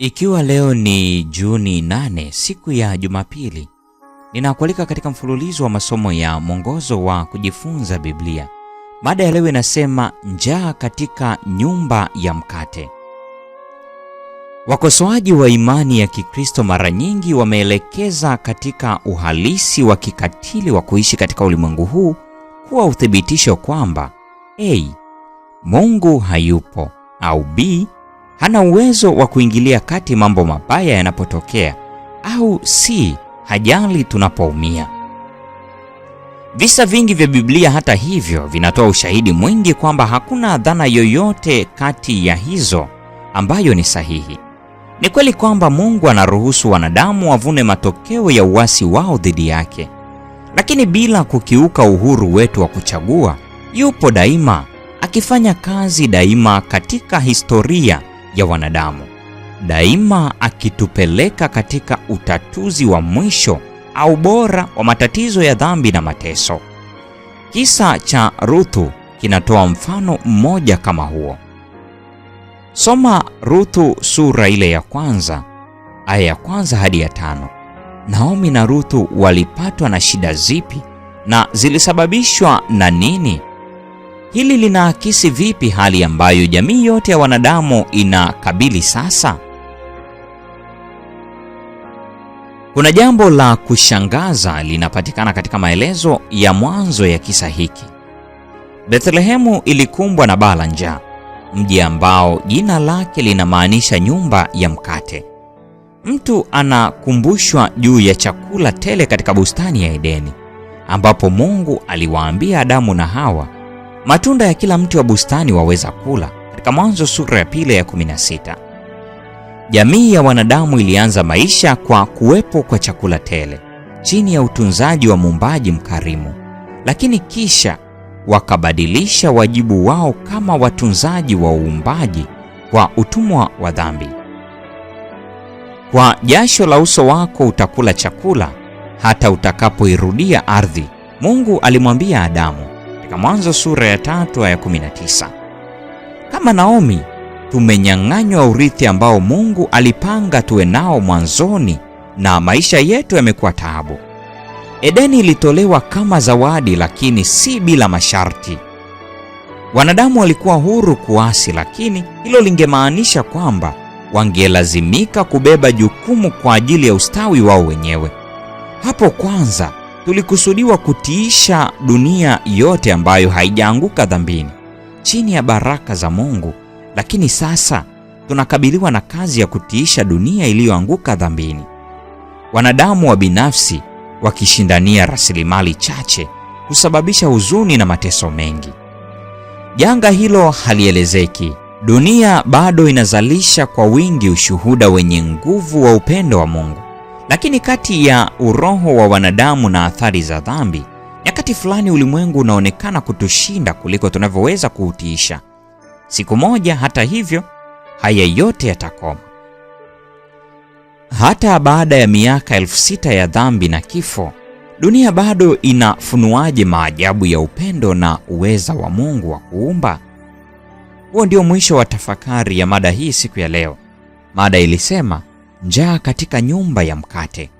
Ikiwa leo ni Juni 8 siku ya Jumapili, ninakualika katika mfululizo wa masomo ya mwongozo wa kujifunza Biblia. Mada ya leo inasema njaa katika nyumba ya mkate. Wakosoaji wa imani ya Kikristo mara nyingi wameelekeza katika uhalisi wa kikatili wa kuishi katika ulimwengu huu kuwa uthibitisho kwamba A, Mungu hayupo au B, hana uwezo wa kuingilia kati mambo mabaya yanapotokea, au si hajali tunapoumia. Visa vingi vya Biblia, hata hivyo, vinatoa ushahidi mwingi kwamba hakuna dhana yoyote kati ya hizo ambayo ni sahihi. Ni kweli kwamba Mungu anaruhusu wanadamu wavune matokeo ya uasi wao dhidi yake, lakini bila kukiuka uhuru wetu wa kuchagua, yupo daima akifanya kazi daima katika historia ya wanadamu, daima akitupeleka katika utatuzi wa mwisho au bora wa matatizo ya dhambi na mateso. Kisa cha Ruthu kinatoa mfano mmoja kama huo. Soma Ruthu sura ile ya kwanza aya ya kwanza hadi ya tano. Naomi na Ruthu walipatwa na shida zipi na zilisababishwa na nini? Hili linaakisi vipi hali ambayo jamii yote ya wanadamu inakabili sasa? Kuna jambo la kushangaza linapatikana katika maelezo ya mwanzo ya kisa hiki. Bethlehemu ilikumbwa na baa la njaa, mji ambao jina lake linamaanisha nyumba ya mkate. Mtu anakumbushwa juu ya chakula tele katika bustani ya Edeni, ambapo Mungu aliwaambia Adamu na Hawa matunda ya kila mti wa bustani waweza kula, katika Mwanzo sura ya pili ya 16. Jamii ya wanadamu ilianza maisha kwa kuwepo kwa chakula tele chini ya utunzaji wa muumbaji mkarimu, lakini kisha wakabadilisha wajibu wao kama watunzaji wa uumbaji kwa utumwa wa dhambi. Kwa jasho la uso wako utakula chakula hata utakapoirudia ardhi, Mungu alimwambia Adamu katika Mwanzo sura ya tatu aya tisa. Kama Naomi tumenyang'anywa urithi ambao Mungu alipanga tuwe nao mwanzoni, na maisha yetu yamekuwa taabu. Edeni ilitolewa kama zawadi, lakini si bila masharti. Wanadamu walikuwa huru kuasi, lakini hilo lingemaanisha kwamba wangelazimika kubeba jukumu kwa ajili ya ustawi wao wenyewe. Hapo kwanza tulikusudiwa kutiisha dunia yote ambayo haijaanguka dhambini chini ya baraka za Mungu, lakini sasa tunakabiliwa na kazi ya kutiisha dunia iliyoanguka dhambini. Wanadamu wa binafsi wakishindania rasilimali chache husababisha huzuni na mateso mengi. Janga hilo halielezeki. Dunia bado inazalisha kwa wingi ushuhuda wenye nguvu wa upendo wa Mungu. Lakini kati ya uroho wa wanadamu na athari za dhambi, nyakati fulani ulimwengu unaonekana kutushinda kuliko tunavyoweza kuutiisha. Siku moja, hata hivyo, haya yote yatakoma. Hata baada ya miaka elfu sita ya dhambi na kifo, dunia bado inafunuaje maajabu ya upendo na uweza wa Mungu wa kuumba? Huo ndio mwisho wa tafakari ya mada hii siku ya leo. Mada ilisema njaa katika nyumba ya mkate.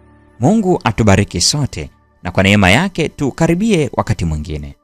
Mungu atubariki sote na kwa neema yake tukaribie wakati mwingine.